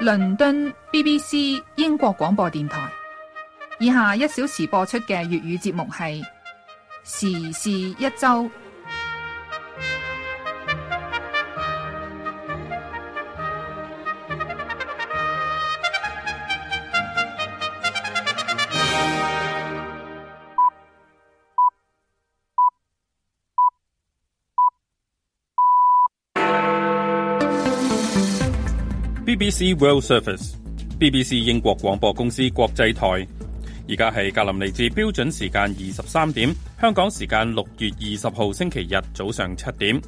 倫敦 BBC 英國廣播電台，以下一小時播出嘅粵語節目係時事一周。BBC World Service，BBC 英國廣播公司國際台。而家係格林尼治標準時間二十三點，香港時間六月二十號星期日早上七點。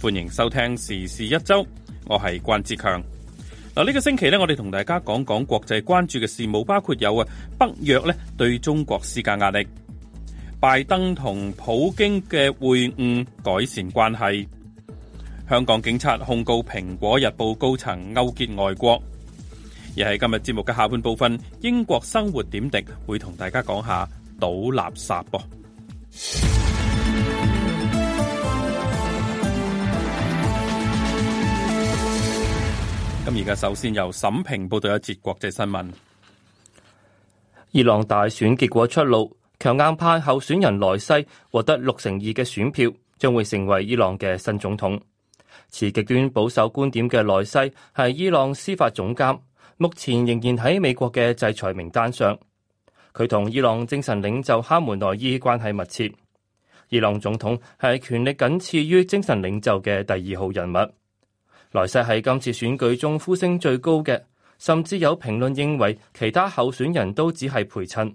歡迎收聽時事一周，我係關志強。嗱，呢個星期咧，我哋同大家講講國際關注嘅事務，包括有啊北約咧對中國施加壓力，拜登同普京嘅會晤改善關係。香港警察控告蘋果日報高層勾結外國。而喺今日節目嘅下半部分，英國生活點滴會同大家講下倒垃圾噃。咁而家首先由沈平報道一節國際新聞。伊朗大選結果出爐，強硬派候選人萊西獲得六成二嘅選票，將會成為伊朗嘅新總統。持極端保守觀點嘅萊西係伊朗司法總監，目前仍然喺美國嘅制裁名單上。佢同伊朗精神領袖哈梅內伊關係密切。伊朗總統係權力僅次於精神領袖嘅第二號人物。萊西喺今次選舉中呼聲最高嘅，甚至有評論認為其他候選人都只係陪襯。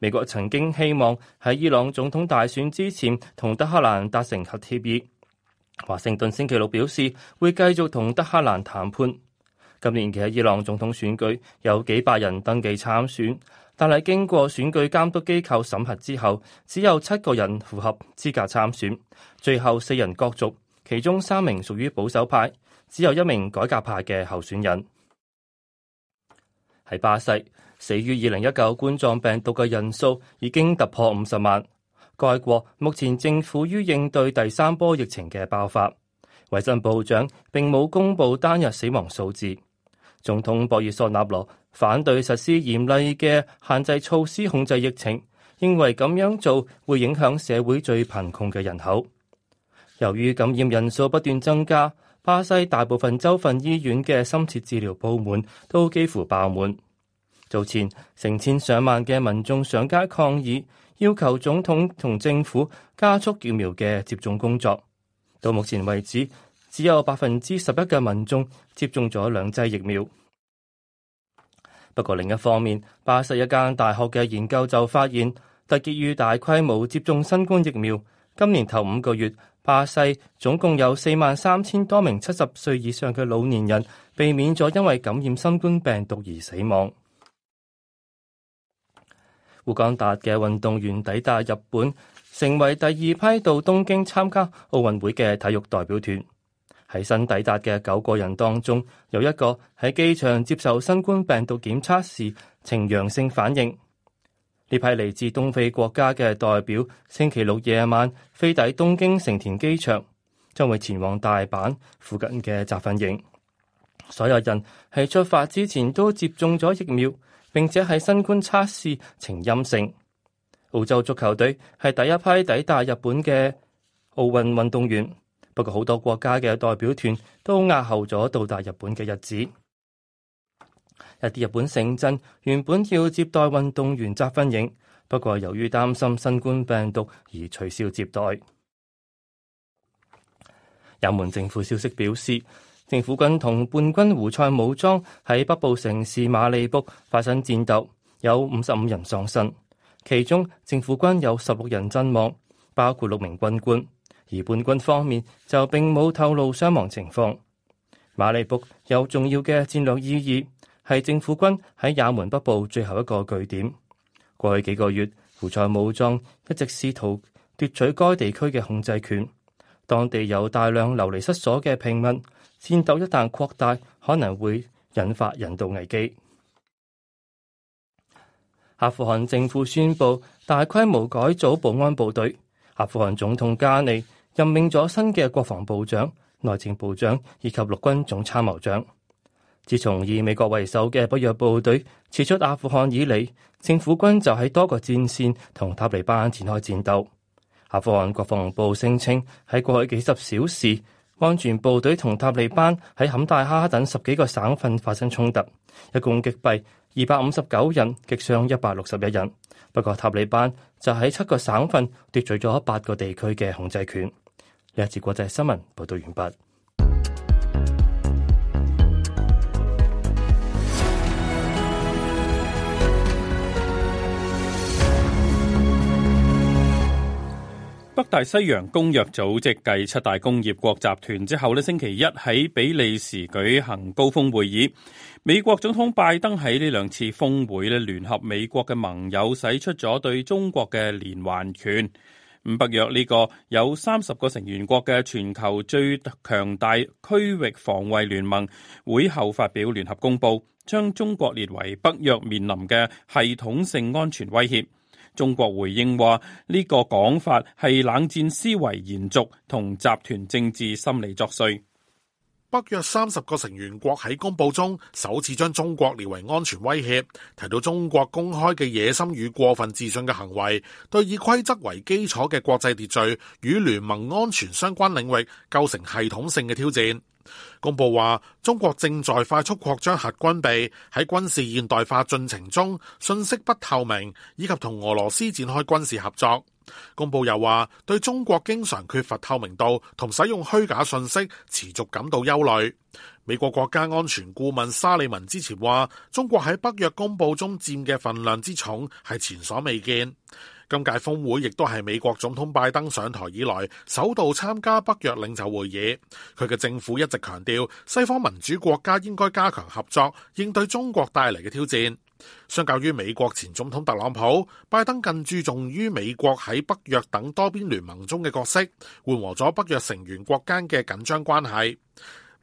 美國曾經希望喺伊朗總統大選之前同德黑蘭達成核協議。華盛頓星期六表示，會繼續同德黑蘭談判。今年嘅伊朗總統選舉有幾百人登記參選，但係經過選舉監督機構審核之後，只有七個人符合資格參選。最後四人角逐，其中三名屬於保守派，只有一名改革派嘅候選人。喺巴西，死於二零一九冠狀病毒嘅人數已經突破五十萬。該國目前正苦於應對第三波疫情嘅爆發，衞生部長並冇公布單日死亡數字。總統博爾索納羅反對實施嚴厲嘅限制措施控制疫情，認為咁樣做會影響社會最貧窮嘅人口。由於感染人數不斷增加，巴西大部分州份醫院嘅深切治療部門都幾乎爆滿。早前，成千上萬嘅民眾上街抗議。要求總統同政府加速疫苗嘅接種工作。到目前為止，只有百分之十一嘅民眾接種咗兩劑疫苗。不過另一方面，巴西一間大學嘅研究就發現，得益於大規模接種新冠疫苗，今年頭五個月，巴西總共有四萬三千多名七十歲以上嘅老年人避免咗因為感染新冠病毒而死亡。烏干達嘅運動員抵達日本，成為第二批到東京參加奧運會嘅體育代表團。喺新抵達嘅九個人當中，有一個喺機場接受新冠病毒檢測時呈陽性反應。呢批嚟自東非國家嘅代表，星期六夜晚飛抵東京成田機場，將會前往大阪附近嘅集訓營。所有人喺出發之前都接種咗疫苗，並且係新冠測試呈陰性。澳洲足球隊係第一批抵達日本嘅奧運運動員，不過好多國家嘅代表團都押後咗到達日本嘅日子。一啲日本城鎮原本要接待運動員集訓營，不過由於擔心新冠病毒而取消接待。日本政府消息表示。政府軍同叛軍胡塞武裝喺北部城市馬里卜發生戰鬥，有五十五人喪生。其中政府軍有十六人陣亡，包括六名軍官。而叛軍方面就並冇透露傷亡情況。馬里卜有重要嘅戰略意義，係政府軍喺也門北部最後一個據點。過去幾個月，胡塞武裝一直試圖奪取該地區嘅控制權。當地有大量流離失所嘅平民。戰鬥一旦擴大，可能會引發人道危機。阿富汗政府宣布大規模改組保安部隊。阿富汗總統加尼任命咗新嘅國防部長、內政部長以及陸軍總參謀長。自從以美國為首嘅北約部隊撤出阿富汗以嚟，政府軍就喺多個戰線同塔利班展開戰鬥。阿富汗國防部聲稱喺過去幾十小時，安全部隊同塔利班喺坎大哈等十幾個省份發生衝突，一共擊斃二百五十九人，擊傷一百六十一人。不過，塔利班就喺七個省份奪取咗八個地區嘅控制權。呢一節國際新聞報道完畢。北大西洋公約組織繼七大工業國集團之後呢星期一喺比利時舉行高峰會議。美國總統拜登喺呢兩次峰會呢聯合美國嘅盟友，使出咗對中國嘅連環拳。唔，北約呢個有三十個成員國嘅全球最強大區域防衛聯盟，會後發表聯合公報，將中國列為北約面臨嘅系統性安全威脅。中國回應話：呢、這個講法係冷戰思維延續同集團政治心理作祟。北約三十個成員國喺公報中首次將中國列為安全威脅，提到中國公開嘅野心與過分自信嘅行為，對以規則為基礎嘅國際秩序與聯盟安全相關領域構成系統性嘅挑戰。公報話，中國正在快速擴張核軍備，喺軍事現代化進程中，信息不透明，以及同俄羅斯展開軍事合作。公報又話，對中國經常缺乏透明度同使用虛假信息，持續感到憂慮。美國國家安全顧問沙利文之前話，中國喺北約公報中佔嘅份量之重，係前所未見。今屆峰會亦都係美國總統拜登上台以來，首度參加北約領袖會議。佢嘅政府一直強調，西方民主國家應該加強合作，應對中國帶嚟嘅挑戰。相較於美國前總統特朗普，拜登更注重於美國喺北約等多邊聯盟中嘅角色，緩和咗北約成員國間嘅緊張關係。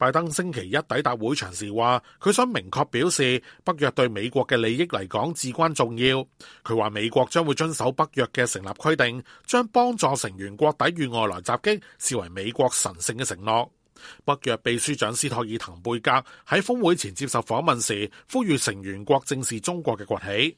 拜登星期一抵達會場時話，佢想明確表示北約對美國嘅利益嚟講至關重要。佢話美國將會遵守北約嘅成立規定，將幫助成員國抵禦外來襲擊，視為美國神聖嘅承諾。北約秘書長斯托爾滕貝格喺峰會前接受訪問時，呼籲成員國正視中國嘅崛起。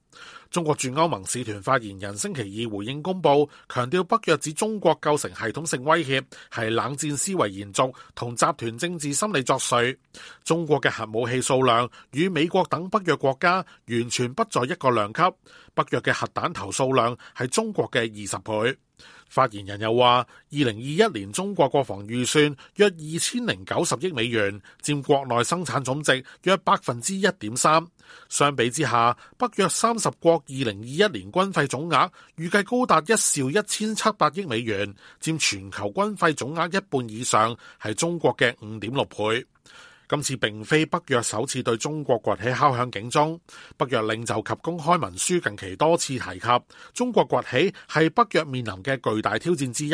中國駐歐盟使團發言人星期二回應公布，強調北約指中國構成系統性威脅，係冷戰思維延續同集團政治心理作祟。中國嘅核武器數量與美國等北約國家完全不在一個量級，北約嘅核彈頭數量係中國嘅二十倍。發言人又話，二零二一年中國國防預算約二千零九十億美元，佔國內生產總值約百分之一點三。相比之下，北約三十國二零二一年軍費總額預計高達一兆一千七百億美元，佔全球軍費總額一半以上，係中國嘅五點六倍。今次並非北約首次對中國崛起敲響警鐘，北約領袖及公開文書近期多次提及，中國崛起係北約面臨嘅巨大挑戰之一。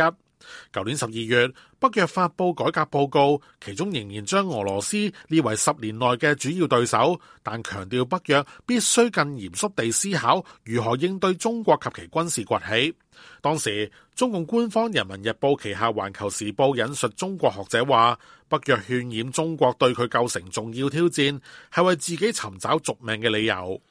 舊年十二月，北約發布改革報告，其中仍然將俄羅斯列為十年內嘅主要對手，但強調北約必須更嚴肅地思考如何應對中國及其軍事崛起。當時，中共官方《人民日報》旗下《環球時報》引述中國學者話，北約渲染中國對佢構成重要挑戰，係為自己尋找續命嘅理由。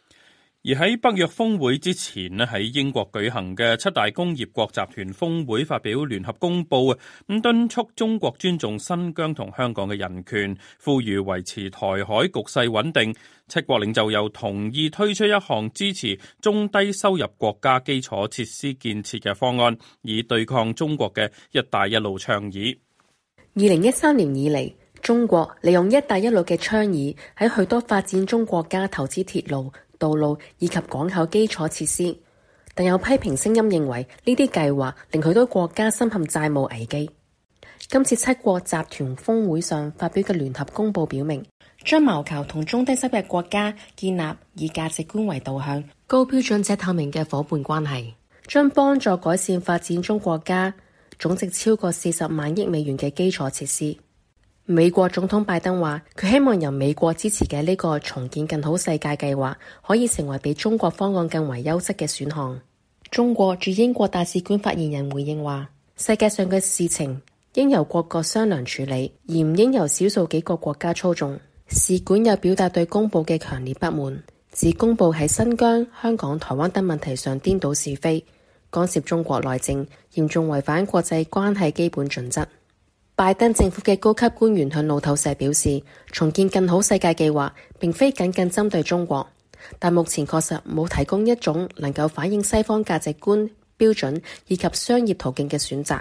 而喺北約峰會之前咧，喺英國舉行嘅七大工業國集團峰會發表聯合公報啊，咁敦促中國尊重新疆同香港嘅人權，呼籲維持台海局勢穩定。七國領袖又同意推出一項支持中低收入國家基礎設施建設嘅方案，以對抗中國嘅“一帶一路”倡議。二零一三年以嚟，中國利用“一帶一路”嘅倡議喺許多發展中國家投資鐵路，道路以及港口基礎設施，但有批評聲音認為呢啲計劃令許多國家深陷債務危機。今次七國集團峰會上發表嘅聯合公報表明，將謀求同中低收入國家建立以價值觀為導向、高標準且透明嘅伙伴關係，將幫助改善發展中國家總值超過四十萬億美元嘅基礎設施。美國總統拜登話：佢希望由美國支持嘅呢個重建更好世界計劃可以成為比中國方案更為優質嘅選項。中國駐英國大使館發言人回應話：世界上嘅事情應由各國商量處理，而唔應由少數幾個國家操縱。使館又表達對公布嘅強烈不滿，指公布喺新疆、香港、台灣等問題上顛倒是非，干涉中國內政，嚴重違反國際關係基本準則。拜登政府嘅高級官員向路透社表示，重建更好世界計劃並非僅僅針對中國，但目前確實冇提供一種能夠反映西方價值觀、標準以及商業途徑嘅選擇。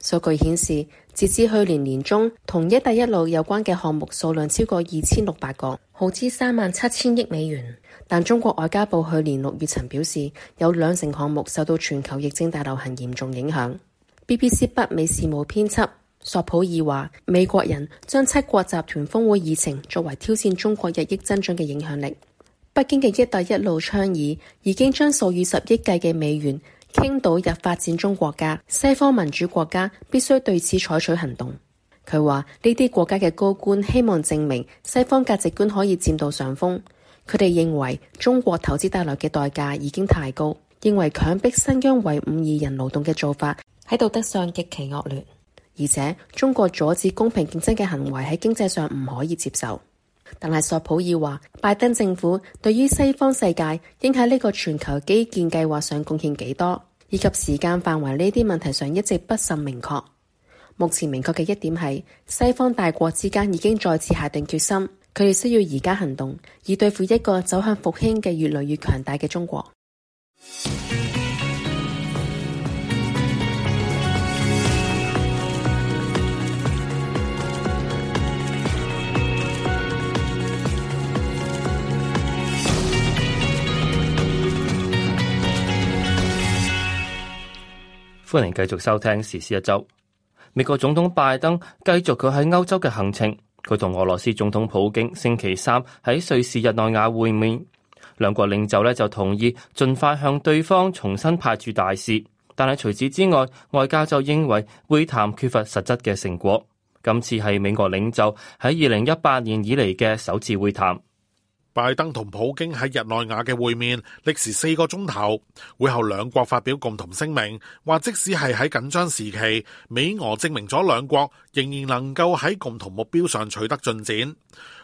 數據顯示，截至去年年中，同一帶一路有關嘅項目數量超過二千六百個，耗資三萬七千億美元。但中國外交部去年六月曾表示，有兩成項目受到全球疫症大流行嚴重影響。BBC 北美事務編輯，索普爾話，美國人將七國集團峰會議程作為挑戰中國日益增長嘅影響力。北京嘅一帶一路倡議已經將數以十億計嘅美元傾倒入發展中國家。西方民主國家必須對此採取行動。佢話呢啲國家嘅高官希望證明西方價值觀可以佔到上風。佢哋認為中國投資帶來嘅代價已經太高，認為強迫新疆維吾爾人勞動嘅做法喺道德上極其惡劣。而且，中國阻止公平競爭嘅行為喺經濟上唔可以接受。但係索普爾話，拜登政府對於西方世界應喺呢個全球基建計劃上貢獻幾多，以及時間範圍呢啲問題上一直不甚明確。目前明確嘅一點係，西方大國之間已經再次下定決心，佢哋需要而家行動，以對付一個走向復興嘅越來越強大嘅中國。歡迎繼續收聽時事一周。美國總統拜登繼續佢喺歐洲嘅行程，佢同俄羅斯總統普京星期三喺瑞士日內瓦會面，兩國領袖呢就同意盡快向對方重新派駐大使。但係除此之外，外界就認為會談缺乏實質嘅成果。今次係美國領袖喺二零一八年以嚟嘅首次會談。拜登同普京喺日內瓦嘅會面，歷時四個鐘頭。會後，兩國發表共同聲明，話即使係喺緊張時期，美俄證明咗兩國仍然能夠喺共同目標上取得進展。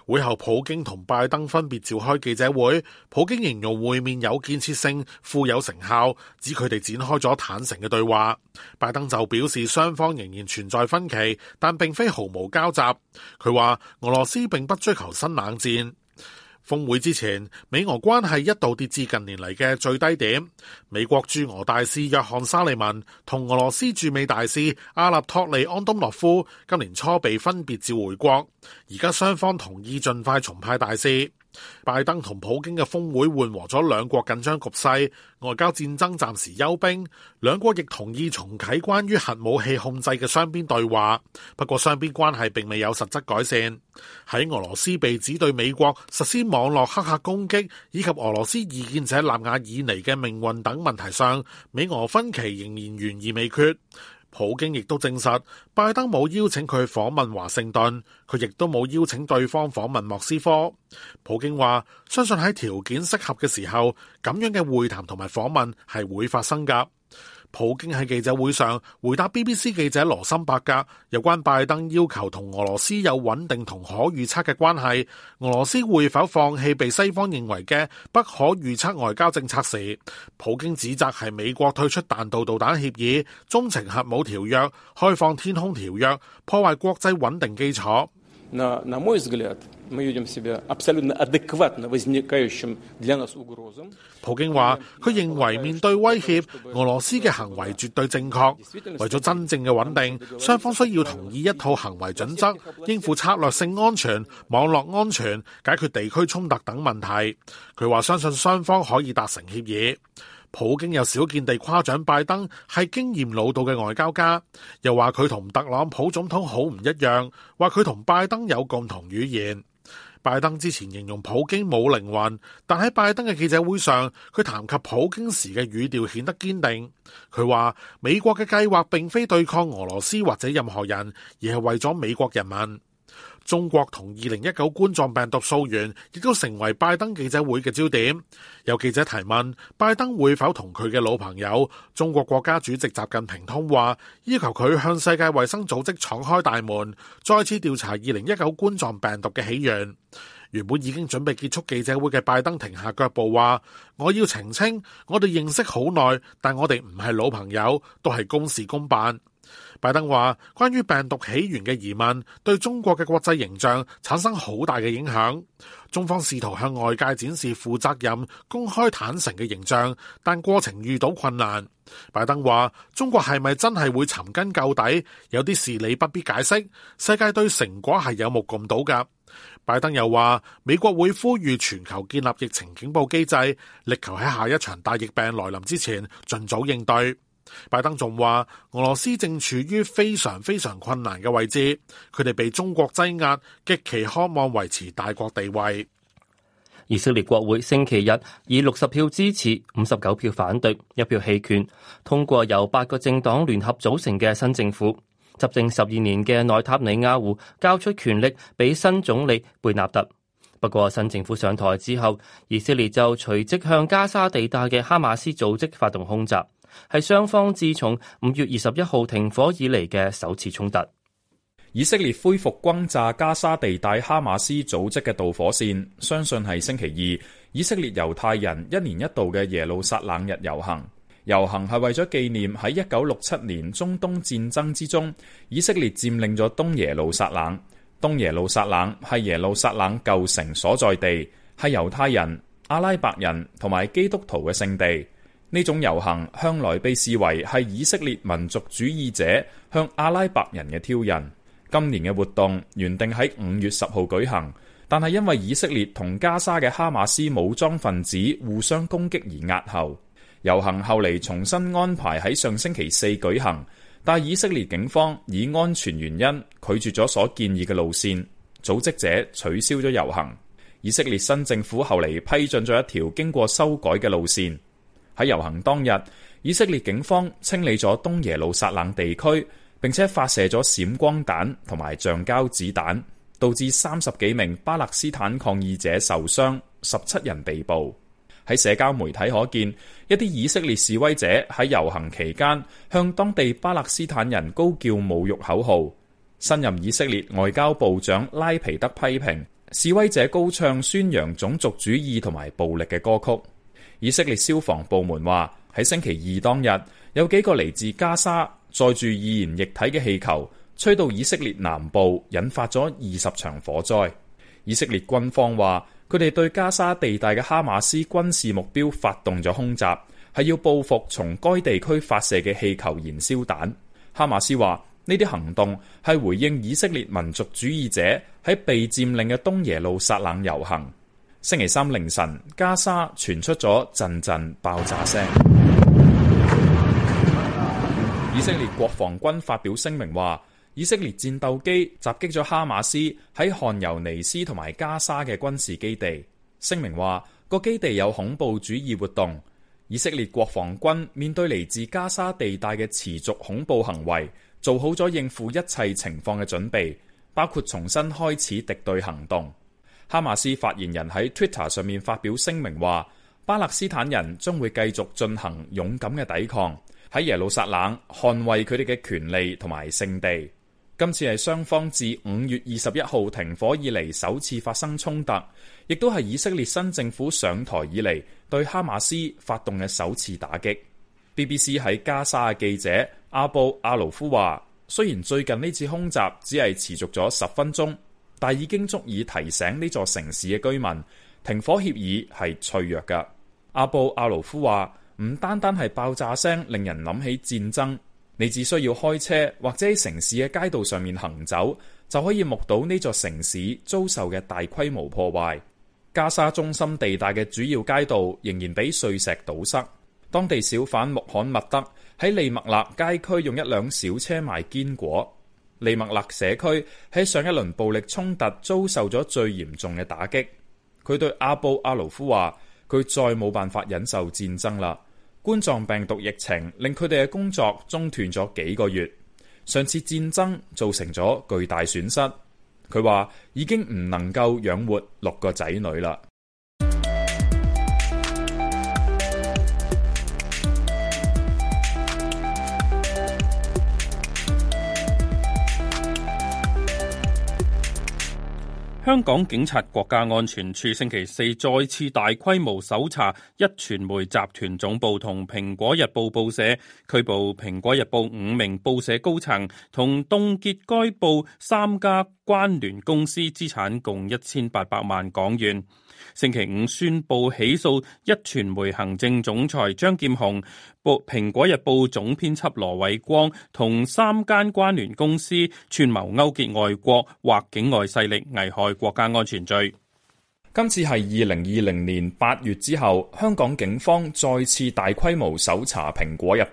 會後，普京同拜登分別召開記者會。普京形容會面有建設性，富有成效，指佢哋展開咗坦誠嘅對話。拜登就表示，雙方仍然存在分歧，但並非毫無交集。佢話俄羅斯並不追求新冷戰。峰會之前，美俄關係一度跌至近年嚟嘅最低點。美國駐俄大使約翰沙利文同俄羅斯駐美大使阿納托利安東諾夫今年初被分別召回國，而家雙方同意盡快重派大使。拜登同普京嘅峰會緩和咗兩國緊張局勢，外交戰爭暫時休兵，兩國亦同意重啟關於核武器控制嘅雙邊對話。不過雙邊關係並未有實質改善。喺俄羅斯被指對美國實施網絡黑客攻擊，以及俄羅斯異見者納瓦爾尼嘅命運等問題上，美俄分歧仍然懸而未決。普京亦都證實，拜登冇邀請佢訪問華盛頓，佢亦都冇邀請對方訪問莫斯科。普京話：相信喺條件適合嘅時候，咁樣嘅會談同埋訪問係會發生噶。普京喺記者會上回答 BBC 記者羅森伯格有關拜登要求同俄羅斯有穩定同可預測嘅關係，俄羅斯會否放棄被西方認為嘅不可預測外交政策時，普京指責係美國退出彈道導彈協議、中程核武條約、開放天空條約破壞國際穩定基礎。普京話：佢認為面對威脅，俄羅斯嘅行為絕對正確。為咗真正嘅穩定，雙方需要同意一套行為準則，應付策略性安全、網絡安全、解決地區衝突等問題。佢話相信雙方可以達成協議。普京又少見地誇獎拜登係經驗老道嘅外交家，又話佢同特朗普總統好唔一樣，話佢同拜登有共同語言。拜登之前形容普京冇靈魂，但喺拜登嘅記者會上，佢談及普京時嘅語調顯得堅定。佢話美國嘅計劃並非對抗俄羅斯或者任何人，而係為咗美國人民。中國同二零一九冠狀病毒溯源亦都成為拜登記者會嘅焦點。有記者提問拜登會否同佢嘅老朋友中國國家主席習近平通話，要求佢向世界衛生組織敞開大門，再次調查二零一九冠狀病毒嘅起源。原本已經準備結束記者會嘅拜登停下腳步，話：我要澄清，我哋認識好耐，但我哋唔係老朋友，都係公事公辦。拜登話：關於病毒起源嘅疑問，對中國嘅國際形象產生好大嘅影響。中方試圖向外界展示負責任、公開、坦誠嘅形象，但過程遇到困難。拜登話：中國係咪真係會尋根究底？有啲事你不必解釋，世界對成果係有目共睹㗎。拜登又話：美國會呼籲全球建立疫情警報機制，力求喺下一場大疫病來臨之前盡早應對。拜登仲話俄羅斯，正處於非常非常困難嘅位置，佢哋被中國擠壓，極其渴望維持大國地位。以色列國會星期日以六十票支持、五十九票反對、一票棄權，通過由八個政黨聯合組成嘅新政府，執政十二年嘅內塔尼亞胡交出權力俾新總理貝納特。不過新政府上台之後，以色列就隨即向加沙地帶嘅哈馬斯組織發動空襲。係雙方自從五月二十一號停火以嚟嘅首次衝突。以色列恢復轟炸加沙地帶哈馬斯組織嘅導火綫，相信係星期二。以色列猶太人一年一度嘅耶路撒冷日遊行，遊行係為咗紀念喺一九六七年中東戰爭之中，以色列佔領咗東耶路撒冷。東耶路撒冷係耶路撒冷舊城所在地，係猶太人、阿拉伯人同埋基督徒嘅聖地。呢種遊行向來被視為係以色列民族主義者向阿拉伯人嘅挑釁。今年嘅活動原定喺五月十號舉行，但係因為以色列同加沙嘅哈馬斯武裝分子互相攻擊而押後。遊行後嚟，重新安排喺上星期四舉行，但以色列警方以安全原因拒絕咗所建議嘅路線，組織者取消咗遊行。以色列新政府後嚟批准咗一條經過修改嘅路線。喺遊行當日，以色列警方清理咗東耶路撒冷地區，並且發射咗閃光彈同埋橡膠子彈，導致三十幾名巴勒斯坦抗議者受傷，十七人被捕。喺社交媒體可見，一啲以色列示威者喺遊行期間向當地巴勒斯坦人高叫侮辱口號。新任以色列外交部長拉皮德批評示威者高唱宣揚種族主義同埋暴力嘅歌曲。以色列消防部門話喺星期二當日，有幾個嚟自加沙載住易燃液體嘅氣球，吹到以色列南部，引發咗二十場火災。以色列軍方話，佢哋對加沙地帶嘅哈馬斯軍事目標發動咗空襲，係要報復從該地區發射嘅氣球燃燒彈。哈馬斯話呢啲行動係回應以色列民族主義者喺被佔領嘅東耶路撒冷遊行。星期三凌晨，加沙傳出咗陣陣爆炸聲。以色列國防軍發表聲明話，以色列戰鬥機襲擊咗哈馬斯喺汗尤尼斯同埋加沙嘅軍事基地。聲明話，個基地有恐怖主義活動。以色列國防軍面對嚟自加沙地帶嘅持續恐怖行為，做好咗應付一切情況嘅準備，包括重新開始敵對行動。哈馬斯發言人喺 Twitter 上面發表聲明話：巴勒斯坦人將會繼續進行勇敢嘅抵抗，喺耶路撒冷捍衛佢哋嘅權利同埋聖地。今次係雙方自五月二十一號停火以嚟首次發生衝突，亦都係以色列新政府上台以嚟對哈馬斯發動嘅首次打擊。BBC 喺加沙嘅記者阿布阿盧夫話：雖然最近呢次空襲只係持續咗十分鐘。但已經足以提醒呢座城市嘅居民，停火協議係脆弱嘅。阿布阿羅夫話：唔單單係爆炸聲令人諗起戰爭，你只需要開車或者喺城市嘅街道上面行走，就可以目睹呢座城市遭受嘅大規模破壞。加沙中心地帶嘅主要街道仍然畀碎石堵塞。當地小販穆罕默德喺利麥納街區用一輛小車賣堅果。利麥勒社區喺上一輪暴力衝突遭受咗最嚴重嘅打擊。佢對阿布阿盧夫話：佢再冇辦法忍受戰爭啦。冠狀病毒疫情令佢哋嘅工作中斷咗幾個月。上次戰爭造成咗巨大損失。佢話已經唔能夠養活六個仔女啦。香港警察國家安全處星期四再次大規模搜查一傳媒集團總部同蘋果日報報社，拘捕蘋果日報五名報社高層，同凍結該報三家關聯公司資產共一千八百萬港元。星期五宣布起訴一傳媒行政總裁張劍虹、報《蘋果日報》總編輯羅偉光同三間關聯公司串謀勾結外國或境外勢力危害國家安全罪。今次係二零二零年八月之後，香港警方再次大規模搜查《蘋果日報》，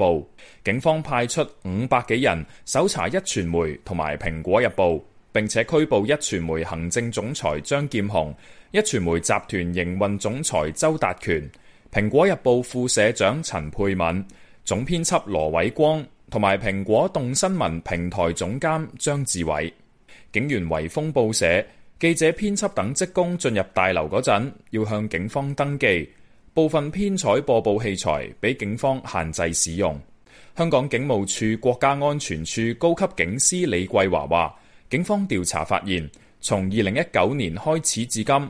警方派出五百幾人搜查一傳媒同埋《蘋果日報》，並且拘捕一傳媒行政總裁張劍虹。一傳媒集團營運總裁周達權、蘋果日報副社長陳佩敏、總編輯羅偉光同埋蘋果動新聞平台總監張志偉、警員圍封報社記者編輯等職工進入大樓嗰陣，要向警方登記。部分編採播報器材畀警方限制使用。香港警務處國家安全處高級警司李桂華話：警方調查發現，從二零一九年開始至今。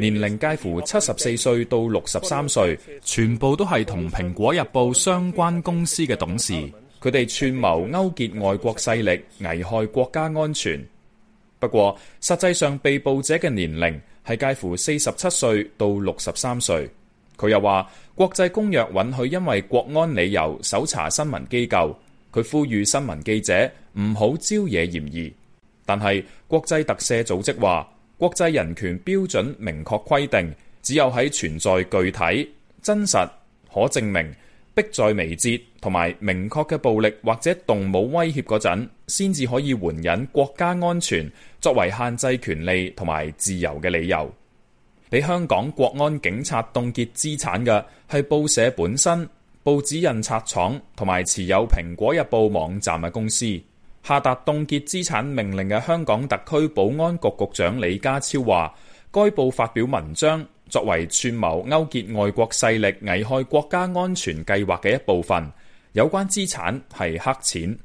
年齡介乎七十四歲到六十三歲，全部都係同《蘋果日報》相關公司嘅董事。佢哋串謀勾結外國勢力，危害國家安全。不過，實際上被捕者嘅年齡係介乎四十七歲到六十三歲。佢又話國際公約允許因為國安理由搜查新聞機構。佢呼籲新聞記者唔好招惹嫌疑。但係國際特赦組織話。國際人權標準明確規定，只有喺存在具體、真實、可證明、迫在眉睫同埋明確嘅暴力或者動武威脅嗰陣，先至可以援引國家安全作為限制權利同埋自由嘅理由。俾香港國安警察凍結資產嘅係報社本身、報紙印刷廠同埋持有《蘋果日報》網站嘅公司。下達凍結資產命令嘅香港特區保安局局長李家超話，該報發表文章，作為串謀勾結外國勢力危害國家安全計劃嘅一部分，有關資產係黑錢。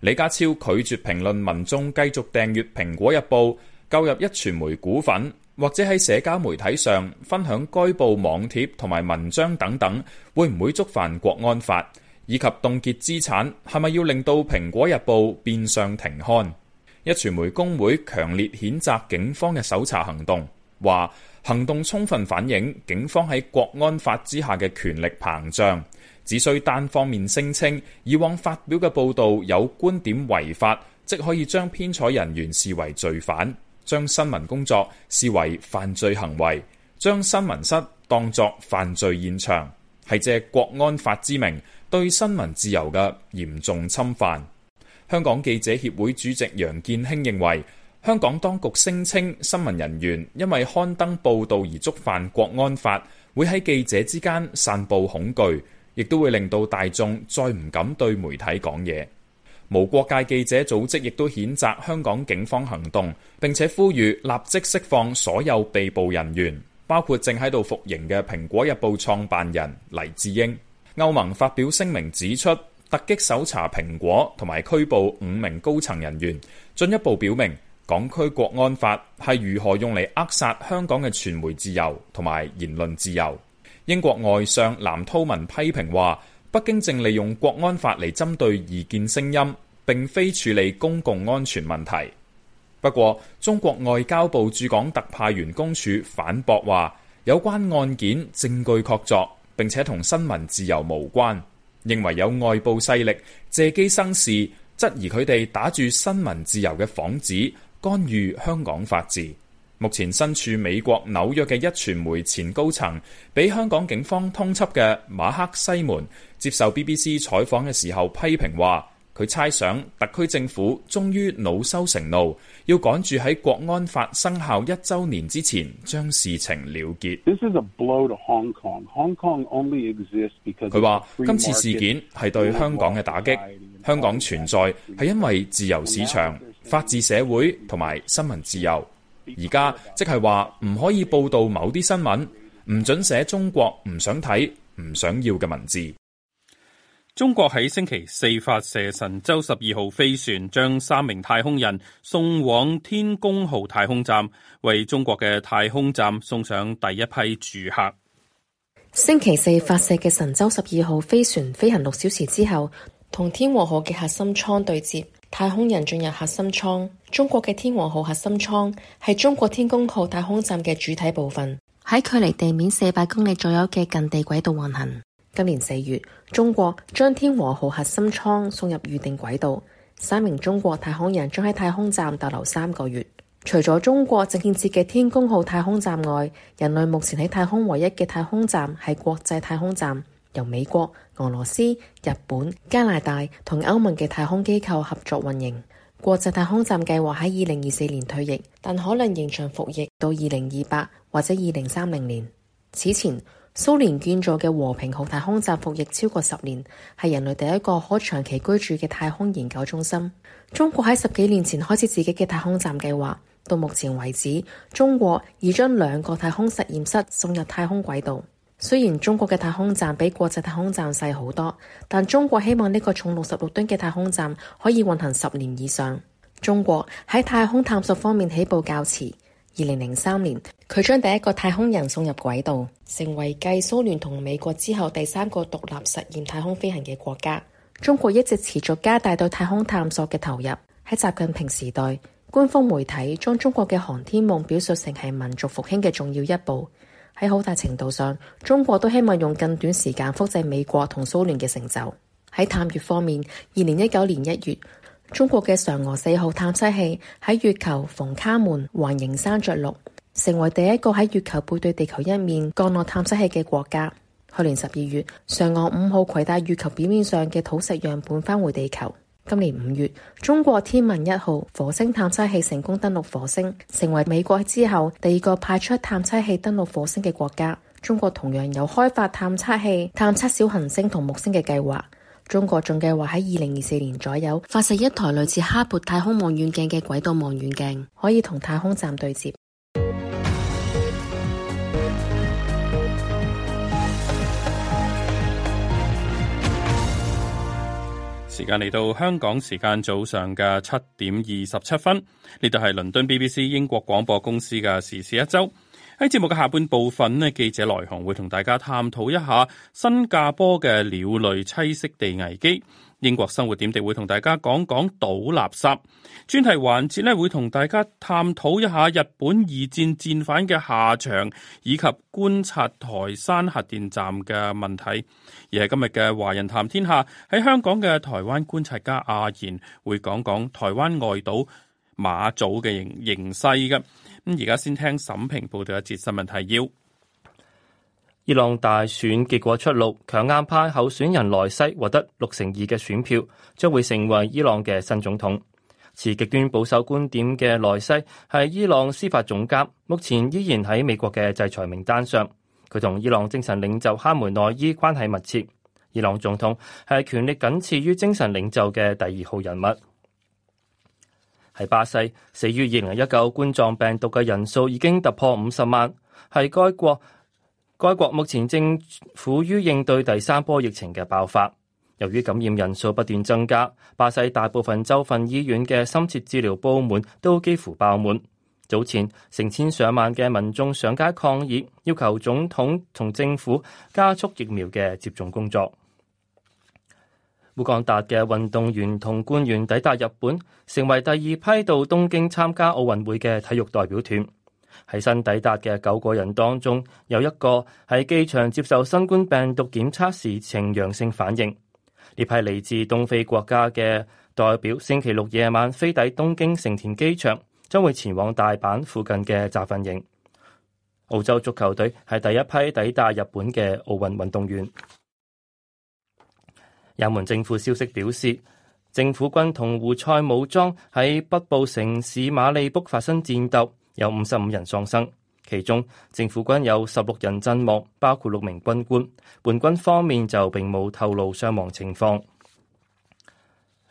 李家超拒絕評論民眾繼續訂閱蘋果日報、購入一傳媒股份，或者喺社交媒體上分享該報網帖同埋文章等等，會唔會觸犯國安法？以及凍結資產係咪要令到《蘋果日報》變相停刊？壹傳媒工會強烈譴責警方嘅搜查行動，話行動充分反映警方喺國安法之下嘅權力膨脹。只需單方面聲稱以往發表嘅報道有觀點違法，即可以將編採人員視為罪犯，將新聞工作視為犯罪行為，將新聞室當作犯罪現場，係借國安法之名。對新聞自由嘅嚴重侵犯。香港記者協會主席楊健興認為，香港當局聲稱新聞人員因為刊登報道而觸犯國安法，會喺記者之間散布恐懼，亦都會令到大眾再唔敢對媒體講嘢。無國界記者組織亦都譴責香港警方行動，並且呼籲立即釋放所有被捕人員，包括正喺度服刑嘅蘋果日報創辦人黎智英。歐盟發表聲明指出，突擊搜查蘋果同埋拘捕五名高層人員，進一步表明港區國安法係如何用嚟扼殺香港嘅傳媒自由同埋言論自由。英國外相藍韜文批評話，北京正利用國安法嚟針對異見聲音，並非處理公共安全問題。不過，中國外交部駐港特派員公署反駁話，有關案件證據確鑿。並且同新聞自由無關，認為有外部勢力借機生事，質疑佢哋打住新聞自由嘅幌子，干預香港法治。目前身處美國紐約嘅壹傳媒前高層，俾香港警方通緝嘅馬克西門，接受 BBC 採訪嘅時候批評話：佢猜想，特區政府終於惱羞成怒，要趕住喺《國安法》生效一週年之前將事情了結。佢話：今次事件係對香港嘅打擊，香港存在係因為自由市場、法治社會同埋新聞自由。而家即係話唔可以報道某啲新聞，唔准寫中國唔想睇、唔想要嘅文字。中國喺星期四發射神舟十二號飛船，將三名太空人送往天宮號太空站，為中國嘅太空站送上第一批住客。星期四發射嘅神舟十二號飛船飛行六小時之後，同天和號嘅核心艙對接，太空人進入核心艙。中國嘅天和號核心艙係中國天宮號太空站嘅主體部分，喺距離地面四百公里左右嘅近地軌道運行。今年四月，中國將天和號核心艙送入預定軌道，三名中國太空人將喺太空站逗留三個月。除咗中國正建設嘅天宮號太空站外，人類目前喺太空唯一嘅太空站係國際太空站，由美國、俄羅斯、日本、加拿大同歐盟嘅太空機構合作運營。國際太空站計劃喺二零二四年退役，但可能延長服役到二零二八或者二零三零年。此前。蘇聯建造嘅和平號太空站服役超過十年，係人類第一個可長期居住嘅太空研究中心。中國喺十幾年前開始自己嘅太空站計劃，到目前為止，中國已將兩個太空實驗室送入太空軌道。雖然中國嘅太空站比國際太空站細好多，但中國希望呢個重六十六噸嘅太空站可以運行十年以上。中國喺太空探索方面起步較遲。二零零三年，佢將第一個太空人送入軌道，成為繼蘇聯同美國之後第三個獨立實現太空飛行嘅國家。中國一直持續加大對太空探索嘅投入。喺習近平時代，官方媒體將中國嘅航天夢表述成係民族復興嘅重要一步。喺好大程度上，中國都希望用更短時間複製美國同蘇聯嘅成就。喺探月方面，二零一九年一月，中國嘅嫦娥四號探測器喺月球馮卡門環形山着陸，成為第一個喺月球背對地球一面降落探測器嘅國家。去年十二月，嫦娥五號携帶月球表面上嘅土石樣本返回地球。今年五月，中國天問一號火星探測器成功登陸火星，成為美國之後第二個派出探測器登陸火星嘅國家。中國同樣有開發探測器探測小行星同木星嘅計劃。中國仲計劃喺二零二四年左右發射一台類似哈勃太空望遠鏡嘅軌道望遠鏡，可以同太空站對接。時間嚟到香港時間早上嘅七點二十七分，呢度係倫敦 BBC 英國廣播公司嘅時事一周。喺節目嘅下半部分呢，記者來鴻會同大家探討一下新加坡嘅鳥類棲息地危機；英國生活點滴會同大家講講倒垃圾；專題環節呢，會同大家探討一下日本二戰戰犯嘅下場，以及觀察台山核電站嘅問題。而係今日嘅《華人談天下》，喺香港嘅台灣觀察家阿賢會講講台灣外島馬祖嘅形形勢嘅。咁而家先聽沈平報道一節新聞提要。伊朗大選結果出爐，強硬派候選人萊西獲得六成二嘅選票，將會成為伊朗嘅新總統。持極端保守觀點嘅萊西係伊朗司法總監，目前依然喺美國嘅制裁名單上。佢同伊朗精神領袖哈梅內伊關係密切。伊朗總統係權力僅次於精神領袖嘅第二號人物。係巴西，死於二零一九冠狀病毒嘅人數已經突破五十萬，係該國該國目前政府於應對第三波疫情嘅爆發。由於感染人數不斷增加，巴西大部分州份醫院嘅深切治療部門都幾乎爆滿。早前成千上萬嘅民眾上街抗議，要求總統同政府加速疫苗嘅接種工作。烏干達嘅運動員同官員抵達日本，成為第二批到東京參加奧運會嘅體育代表團。喺新抵達嘅九個人當中，有一個喺機場接受新冠病毒檢測時呈陽性反應。呢批嚟自東非國家嘅代表，星期六夜晚飛抵東京成田機場，將會前往大阪附近嘅集訓營。澳洲足球隊係第一批抵達日本嘅奧運運動員。也門政府消息表示，政府軍同胡塞武裝喺北部城市馬利卜發生戰鬥，有五十五人喪生，其中政府軍有十六人陣亡，包括六名軍官。叛軍方面就並冇透露傷亡情況。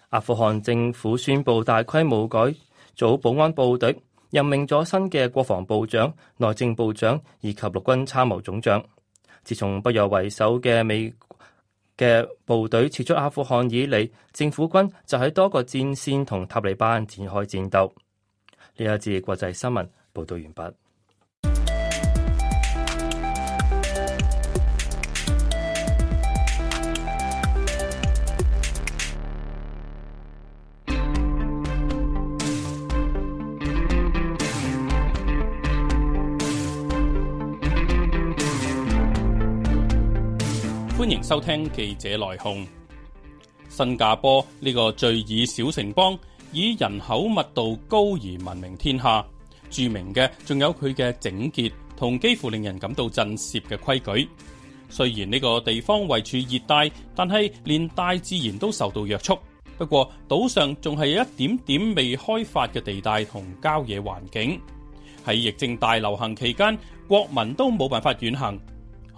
阿富汗政府宣布大規模改組保安部隊，任命咗新嘅國防部長、內政部長以及陸軍參謀總長。自從不約為首嘅美國嘅部隊撤出阿富汗以嚟，政府軍就喺多個戰線同塔利班展開戰鬥。呢一節國際新聞報道完畢。收聽記者來鴻。新加坡呢、這個聚以小城邦以人口密度高而聞名天下，著名嘅仲有佢嘅整潔同幾乎令人感到震懾嘅規矩。雖然呢個地方位處熱帶，但係連大自然都受到約束。不過島上仲係有一點點未開發嘅地帶同郊野環境。喺疫症大流行期間，國民都冇辦法遠行。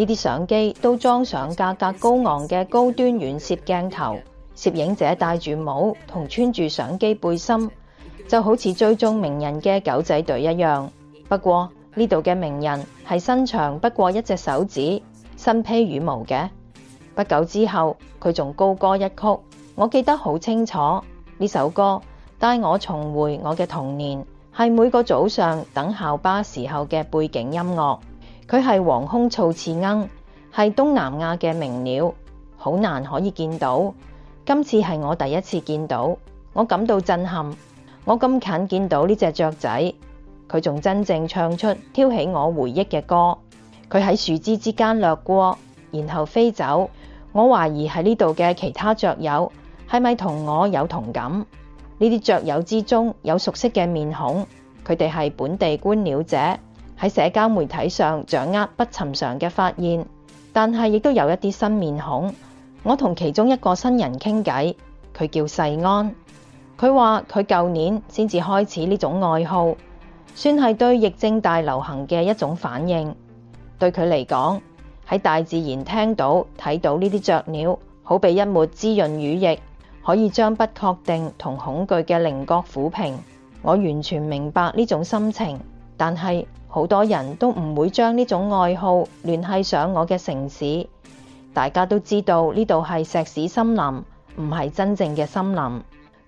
呢啲相機都裝上價格高昂嘅高端遠攝鏡頭，攝影者戴住帽同穿住相機背心，就好似追蹤名人嘅狗仔隊一樣。不過呢度嘅名人係身長不過一隻手指、身披羽毛嘅。不久之後，佢仲高歌一曲，我記得好清楚，呢首歌帶我重回我嘅童年，係每個早上等校巴時候嘅背景音樂。佢係黃胸噪翅鶯，係東南亞嘅名鳥，好難可以見到。今次係我第一次見到，我感到震撼。我咁近見到呢隻雀仔，佢仲真正唱出挑起我回憶嘅歌。佢喺樹枝之間掠過，然後飛走。我懷疑喺呢度嘅其他雀友係咪同我有同感？呢啲雀友之中有熟悉嘅面孔，佢哋係本地觀鳥者。喺社交媒體上掌握不尋常嘅發現，但係亦都有一啲新面孔。我同其中一個新人傾偈，佢叫世安。佢話佢舊年先至開始呢種愛好，算係對疫症大流行嘅一種反應。對佢嚟講，喺大自然聽到、睇到呢啲雀鳥，好比一抹滋潤乳液，可以將不確定同恐懼嘅稜角撫平。我完全明白呢種心情，但係。好多人都唔會將呢種愛好聯繫上我嘅城市。大家都知道呢度係石屎森林，唔係真正嘅森林。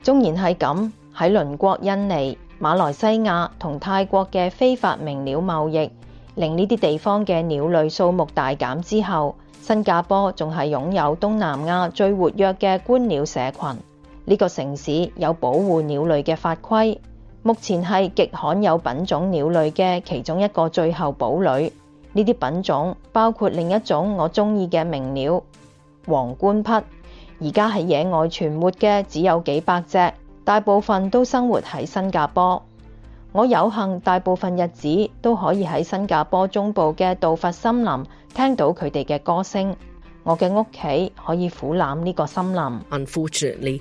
縱然係咁，喺鄰國印尼、馬來西亞同泰國嘅非法明鳥貿易，令呢啲地方嘅鳥類數目大減之後，新加坡仲係擁有東南亞最活躍嘅觀鳥社群。呢個城市有保護鳥類嘅法規。目前係極罕有品種鳥類嘅其中一個最後堡壘。呢啲品種包括另一種我中意嘅鳴鳥——黃冠鵯。而家喺野外存活嘅只有幾百隻，大部分都生活喺新加坡。我有幸大部分日子都可以喺新加坡中部嘅杜法森林聽到佢哋嘅歌聲。我嘅屋企可以俯瞰呢個森林。Unfortunately.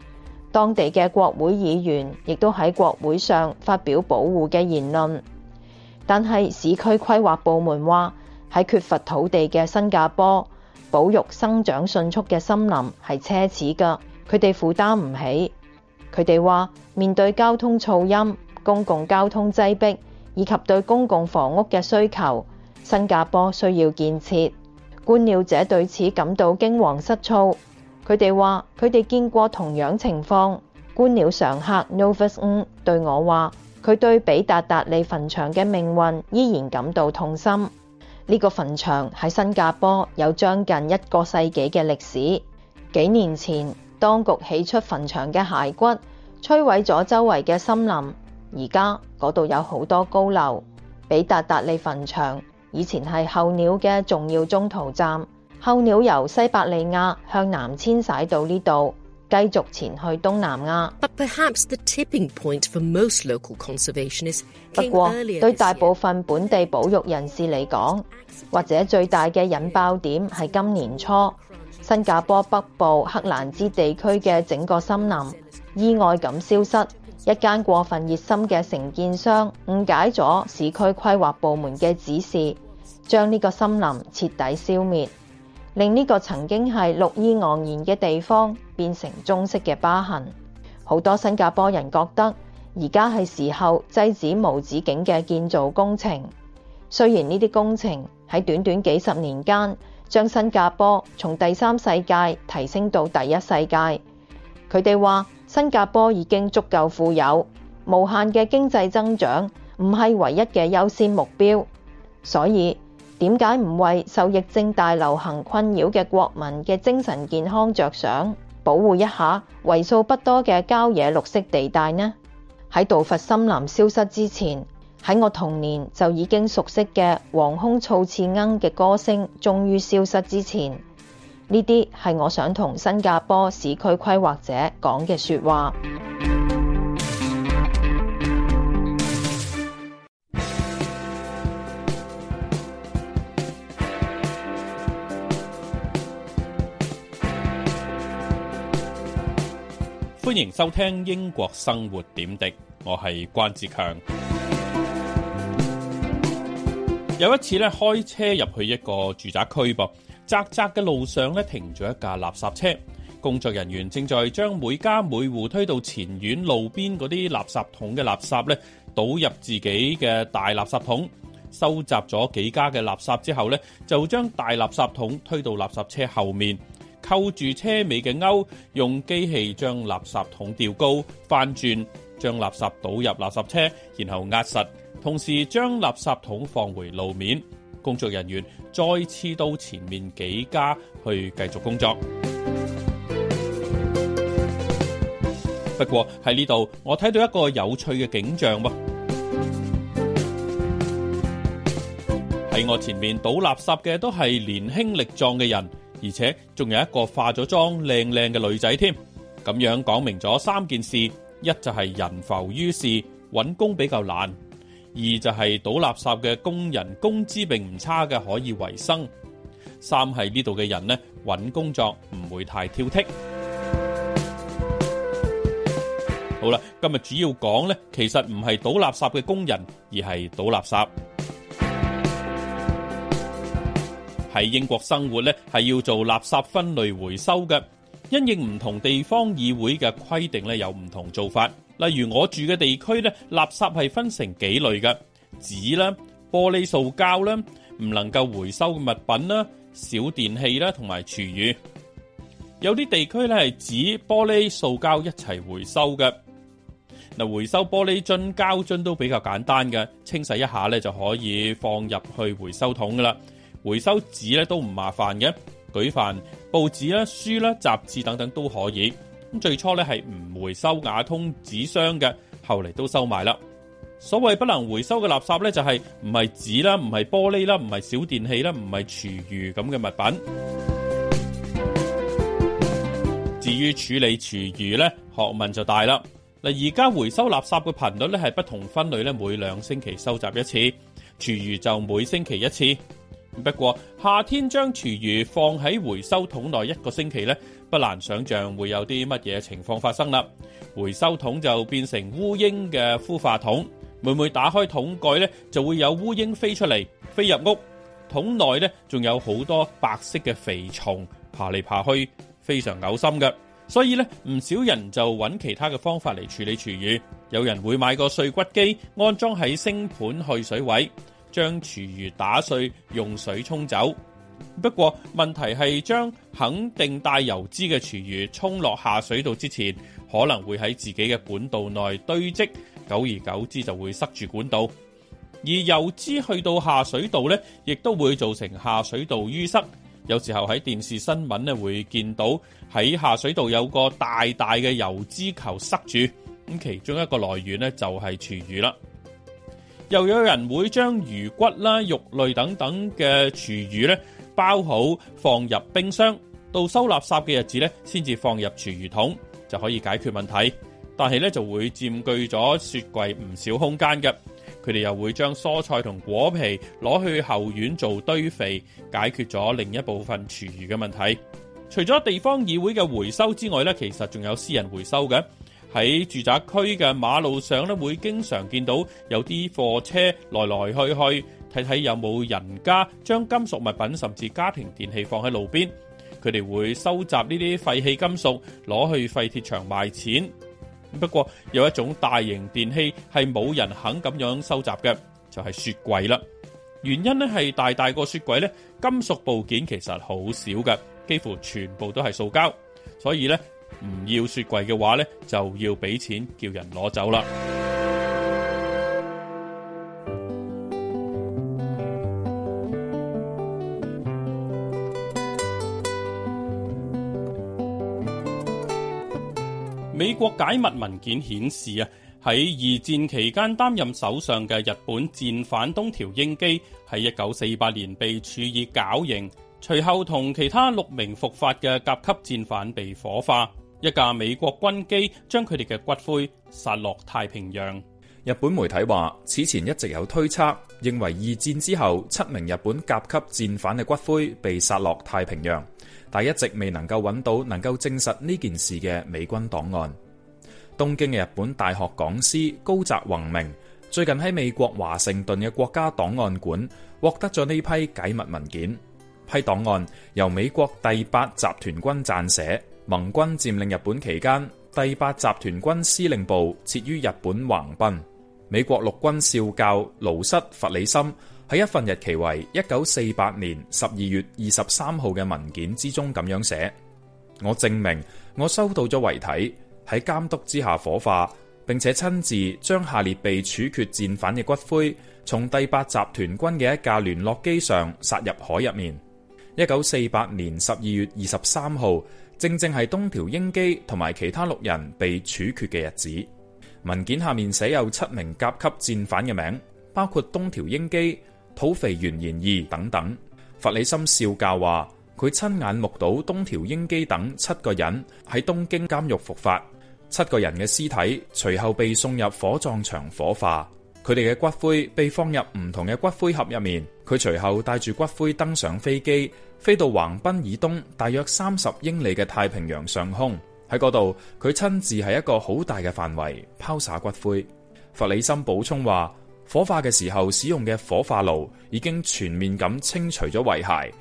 當地嘅國會議員亦都喺國會上發表保護嘅言論，但係市區規劃部門話喺缺乏土地嘅新加坡，保育生長迅速嘅森林係奢侈㗎，佢哋負擔唔起。佢哋話面對交通噪音、公共交通擠逼以及對公共房屋嘅需求，新加坡需要建設。觀鳥者對此感到驚惶失措。佢哋話：佢哋見過同樣情況。觀鳥常客 Novus 對我話：佢對比達達利墳場嘅命運依然感到痛心。呢個墳場喺新加坡有將近一個世紀嘅歷史。幾年前，當局起出墳場嘅骸骨，摧毀咗周圍嘅森林。而家嗰度有好多高樓。比達達利墳場以前係候鳥嘅重要中途站。候鳥由西伯利亞向南遷徙到呢度，繼續前去東南亞。Year, 不過，對大部分本地保育人士嚟講，或者最大嘅引爆點係今年初，新加坡北部克蘭茲地區嘅整個森林意外咁消失。一間過分熱心嘅承建商誤解咗市區規劃部門嘅指示，將呢個森林徹底消滅。令呢個曾經係綠意盎然嘅地方變成棕色嘅疤痕，好多新加坡人覺得而家係時候制止無止境嘅建造工程。雖然呢啲工程喺短短幾十年間將新加坡從第三世界提升到第一世界，佢哋話新加坡已經足夠富有，無限嘅經濟增長唔係唯一嘅優先目標，所以。點解唔為受疫症大流行困擾嘅國民嘅精神健康着想，保護一下為數不多嘅郊野綠色地帶呢？喺杜佛森林消失之前，喺我童年就已經熟悉嘅黃胸粗翅鶯嘅歌聲終於消失之前，呢啲係我想同新加坡市區規劃者講嘅說話。歡迎收聽英國生活點滴，我係關志強。有一次咧，開車入去一個住宅區噃，窄窄嘅路上咧停咗一架垃圾車，工作人員正在將每家每戶推到前院路邊嗰啲垃圾桶嘅垃圾咧，倒入自己嘅大垃圾桶，收集咗幾家嘅垃圾之後咧，就將大垃圾桶推到垃圾車後面。扣住車尾嘅勾，用機器將垃圾桶吊高翻轉，將垃圾倒入垃圾車，然後壓實，同時將垃圾桶放回路面。工作人員再次到前面幾家去繼續工作。不過喺呢度，我睇到一個有趣嘅景象噃，喺我前面倒垃圾嘅都係年輕力壯嘅人。而且仲有一個化咗妝靚靚嘅女仔添，咁樣講明咗三件事：一就係人浮於事，搵工比較難；二就係倒垃圾嘅工人工資並唔差嘅，可以維生；三係呢度嘅人呢，搵工作唔會太挑剔。好啦，今日主要講呢，其實唔係倒垃圾嘅工人，而係倒垃圾。.喺英國生活咧，係要做垃圾分類回收嘅。因應唔同地方議會嘅規定咧，有唔同做法。例如我住嘅地區咧，垃圾係分成幾類嘅紙啦、玻璃、塑膠啦，唔能夠回收嘅物品啦、小電器啦同埋廚餘。有啲地區咧係紙、玻璃、塑膠一齊回收嘅。嗱，回收玻璃樽、膠樽都比較簡單嘅，清洗一下咧就可以放入去回收桶噶啦。回收紙咧都唔麻煩嘅，舉凡報紙咧、書咧、雜誌等等都可以。咁最初咧係唔回收瓦通紙箱嘅，後嚟都收埋啦。所謂不能回收嘅垃圾咧，就係唔係紙啦，唔係玻璃啦，唔係小電器啦，唔係廚餘咁嘅物品。至於處理廚餘咧，學問就大啦。嗱，而家回收垃圾嘅頻率咧係不同分類咧，每兩星期收集一次，廚餘就每星期一次。不過夏天將廚餘放喺回收桶內一個星期呢，不難想象會有啲乜嘢情況發生啦。回收桶就變成烏蠅嘅孵化桶，每每打開桶蓋呢，就會有烏蠅飛出嚟，飛入屋。桶內呢，仲有好多白色嘅肥蟲爬嚟爬去，非常嘔心嘅。所以呢，唔少人就揾其他嘅方法嚟處理廚餘。有人會買個碎骨機，安裝喺星盤去水位。將廚餘打碎，用水沖走。不過問題係，將肯定帶油脂嘅廚餘沖落下水道之前，可能會喺自己嘅管道內堆積，久而久之就會塞住管道。而油脂去到下水道呢，亦都會造成下水道淤塞。有時候喺電視新聞呢，會見到喺下水道有個大大嘅油脂球塞住，咁其中一個來源呢，就係廚餘啦。又有人會將魚骨啦、肉類等等嘅廚餘咧，包好放入冰箱，到收垃圾嘅日子咧先至放入廚餘桶就可以解決問題，但係咧就會佔據咗雪櫃唔少空間嘅。佢哋又會將蔬菜同果皮攞去後院做堆肥，解決咗另一部分廚餘嘅問題。除咗地方議會嘅回收之外咧，其實仲有私人回收嘅。喺住宅區嘅馬路上咧，會經常見到有啲貨車來來去去，睇睇有冇人家將金屬物品甚至家庭電器放喺路邊，佢哋會收集呢啲廢棄金屬攞去廢鐵場賣錢。不過有一種大型電器係冇人肯咁樣收集嘅，就係雪櫃啦。原因咧係大大個雪櫃咧，金屬部件其實好少嘅，幾乎全部都係塑膠，所以咧。唔要雪櫃嘅話呢，就要俾錢叫人攞走啦。美國解密文件顯示啊，喺二戰期間擔任首相嘅日本戰犯東條英機喺一九四八年被處以絞刑，隨後同其他六名伏法嘅甲級戰犯被火化。一架美國軍機將佢哋嘅骨灰撒落太平洋。日本媒體話，此前一直有推測，認為二戰之後七名日本甲級戰犯嘅骨灰被撒落太平洋，但一直未能夠揾到能夠證實呢件事嘅美軍檔案。東京嘅日本大學講師高澤宏明最近喺美國華盛頓嘅國家檔案館獲得咗呢批解密文件。批檔案由美國第八集團軍撰寫。盟軍佔領日本期間，第八集團軍司令部設於日本橫濱。美國陸軍少教盧瑟弗里森喺一份日期為一九四八年十二月二十三號嘅文件之中，咁樣寫：我證明我收到咗遺體喺監督之下火化，並且親自將下列被處決戰犯嘅骨灰從第八集團軍嘅一架聯絡機上殺入海入面。一九四八年十二月二十三號。正正係東條英機同埋其他六人被處決嘅日子，文件下面寫有七名甲級戰犯嘅名，包括東條英機、土肥原賢二等等。弗里森少校話：佢親眼目睹東條英機等七個人喺東京監獄伏法，七個人嘅屍體隨後被送入火葬場火化，佢哋嘅骨灰被放入唔同嘅骨灰盒入面。佢隨後帶住骨灰登上飛機。飛到橫濱以東大約三十英里嘅太平洋上空，喺嗰度佢親自喺一個好大嘅範圍拋灑骨灰。弗里森補充話，火化嘅時候使用嘅火化爐已經全面咁清除咗遺骸，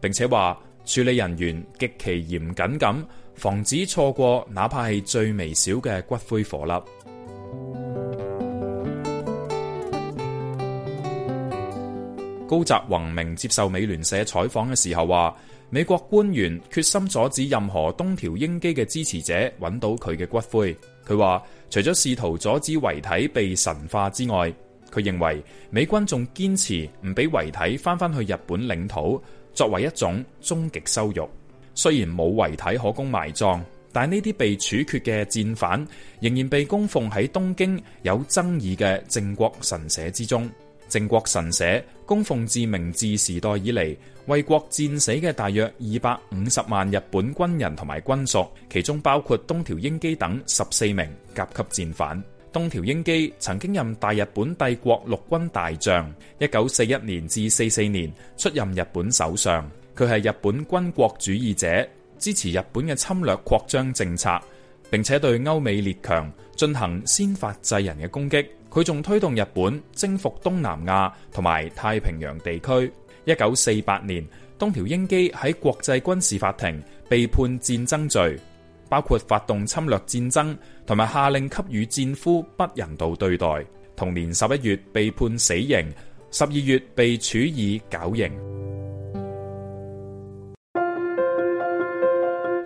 並且話處理人員極其嚴謹咁，防止錯過哪怕係最微小嘅骨灰火粒。高澤宏明接受美聯社採訪嘅時候話，美國官員決心阻止任何東條英機嘅支持者揾到佢嘅骨灰。佢話，除咗試圖阻止遺體被神化之外，佢認為美軍仲堅持唔俾遺體翻返去日本領土，作為一種終極羞辱。雖然冇遺體可供埋葬，但呢啲被處決嘅戰犯仍然被供奉喺東京有爭議嘅靖國神社之中。靖國神社供奉自明治時代以來為國戰死嘅大約二百五十萬日本軍人同埋軍屬，其中包括東條英機等十四名甲級戰犯。東條英機曾經任大日本帝國陸軍大將，一九四一年至四四年出任日本首相。佢係日本軍國主義者，支持日本嘅侵略擴張政策，並且對歐美列強進行先發制人嘅攻擊。佢仲推動日本征服東南亞同埋太平洋地區。一九四八年，東條英機喺國際軍事法庭被判戰爭罪，包括發動侵略戰爭同埋下令給予戰俘不人道對待。同年十一月被判死刑，十二月被處以絞刑。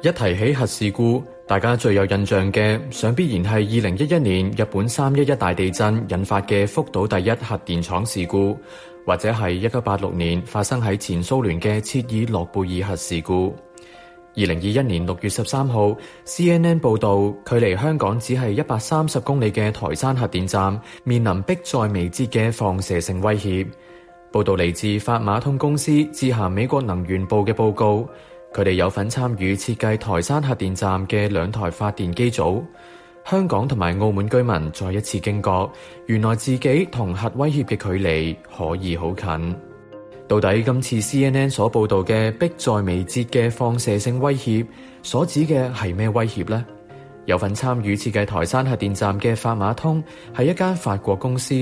一提起核事故。大家最有印象嘅，想必然係二零一一年日本三一一大地震引發嘅福島第一核電廠事故，或者係一九八六年發生喺前蘇聯嘅切爾諾貝爾核事故。二零二一年六月十三號，CNN 報道，距離香港只係一百三十公里嘅台山核電站面臨迫在眉睫嘅放射性威脅。報道嚟自法馬通公司致函美國能源部嘅報告。佢哋有份參與設計台山核電站嘅兩台發電機組，香港同埋澳門居民再一次驚覺，原來自己同核威脅嘅距離可以好近。到底今次 CNN 所報導嘅迫在眉睫嘅放射性威脅，所指嘅係咩威脅呢？有份參與設計台山核電站嘅法馬通係一間法國公司，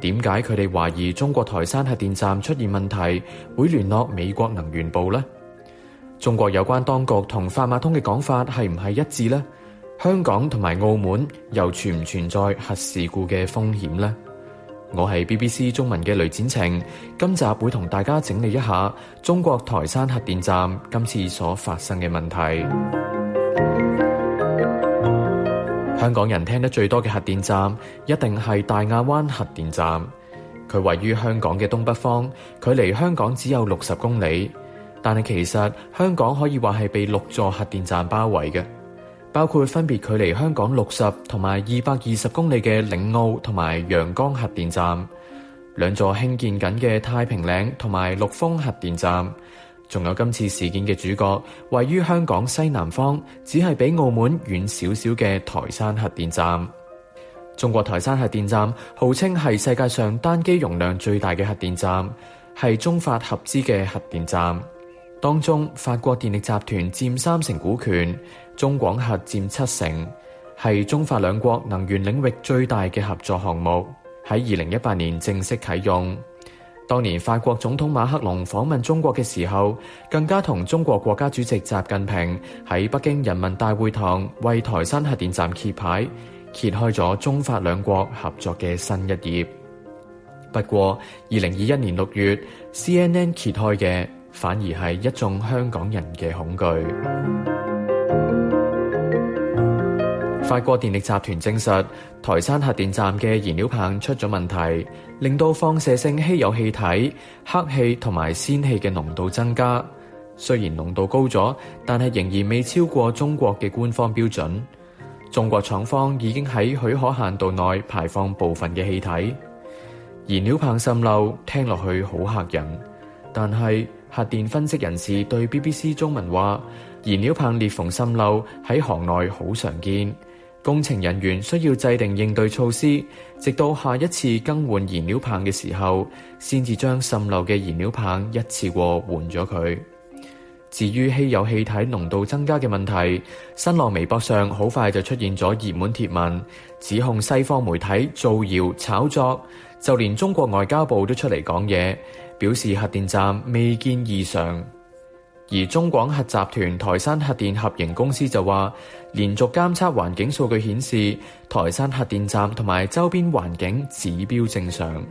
點解佢哋懷疑中國台山核電站出現問題，會聯絡美國能源部呢？中國有關當局同法馬通嘅講法係唔係一致呢？香港同埋澳門又存唔存在核事故嘅風險呢？我係 BBC 中文嘅雷展晴，今集會同大家整理一下中國台山核電站今次所發生嘅問題。香港人聽得最多嘅核電站一定係大亞灣核電站，佢位於香港嘅東北方，距離香港只有六十公里。但係，其實香港可以話係被六座核電站包圍嘅，包括分別距離香港六十同埋二百二十公里嘅嶺澳同埋陽江核電站，兩座興建緊嘅太平嶺同埋陸豐核電站，仲有今次事件嘅主角，位於香港西南方，只係比澳門遠少少嘅台山核電站。中國台山核電站號稱係世界上單機容量最大嘅核電站，係中法合資嘅核電站。當中，法國電力集團佔三成股權，中廣核占七成，係中法兩國能源領域最大嘅合作項目。喺二零一八年正式啟用。當年，法國總統馬克龍訪問中國嘅時候，更加同中國國家主席習近平喺北京人民大會堂為台山核電站揭牌，揭開咗中法兩國合作嘅新一頁。不過，二零二一年六月，CNN 揭開嘅。反而係一眾香港人嘅恐懼。法國電力集團證實，台山核電站嘅燃料棒出咗問題，令到放射性稀有氣體氪氣同埋氙氣嘅濃度增加。雖然濃度高咗，但係仍然未超過中國嘅官方標準。中國廠方已經喺許可限度內排放部分嘅氣體。燃料棒滲漏，聽落去好嚇人，但係。核電分析人士對 BBC 中文話，燃料棒裂縫滲漏喺行內好常見，工程人員需要制定應對措施，直到下一次更換燃料棒嘅時候，先至將滲漏嘅燃料棒一次過換咗佢。至於稀有氣體濃度增加嘅問題，新浪微博上好快就出現咗熱門貼文，指控西方媒體造謠、炒作。就連中國外交部都出嚟講嘢，表示核電站未見異常。而中廣核集團台山核電合營公司就話，連續監測環境數據顯示，台山核電站同埋周邊環境指標正常。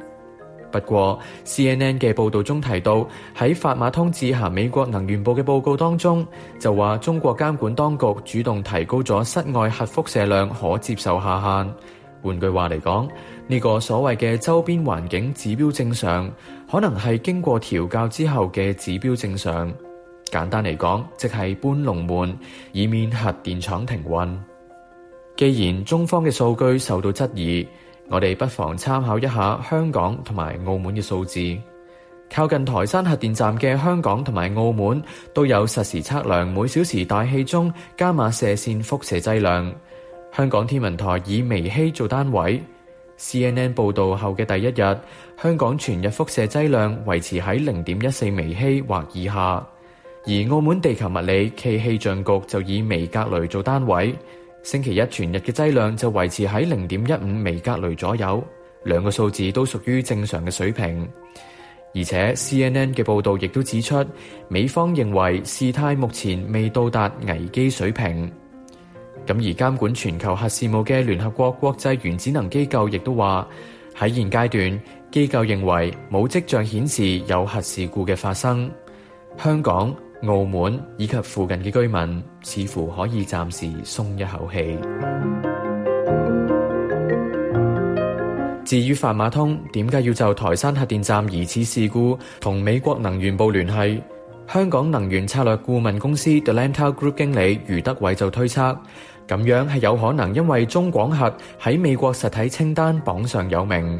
不過，CNN 嘅報道中提到，喺法馬通致函美國能源部嘅報告當中，就話中國監管當局主動提高咗室外核輻射量可接受下限。換句話嚟講，呢個所謂嘅周邊環境指標正常，可能係經過調校之後嘅指標正常。簡單嚟講，即係搬龍門，以免核電廠停運。既然中方嘅數據受到質疑，我哋不妨參考一下香港同埋澳門嘅數字。靠近台山核電站嘅香港同埋澳門都有實時測量每小時大氣中伽馬射線輻射劑量。香港天文台以微希做單位，CNN 報道後嘅第一日，香港全日輻射劑量維持喺零點一四微希或以下；而澳門地球物理暨氣象局就以微格雷做單位，星期一全日嘅劑量就維持喺零點一五微格雷左右。兩個數字都屬於正常嘅水平，而且 CNN 嘅報道亦都指出，美方認為事態目前未到達危機水平。咁而監管全球核事務嘅聯合國國際原子能機構亦都話，喺現階段，機構認為冇跡象顯示有核事故嘅發生，香港、澳門以及附近嘅居民似乎可以暫時鬆一口氣。 至於法馬通點解要就台山核電站疑似事故同美國能源部聯繫？香港能源策略顧問公司 The Lantau Group 經理余德偉就推測，咁樣，係有可能因為中廣核喺美國實體清單榜上有名，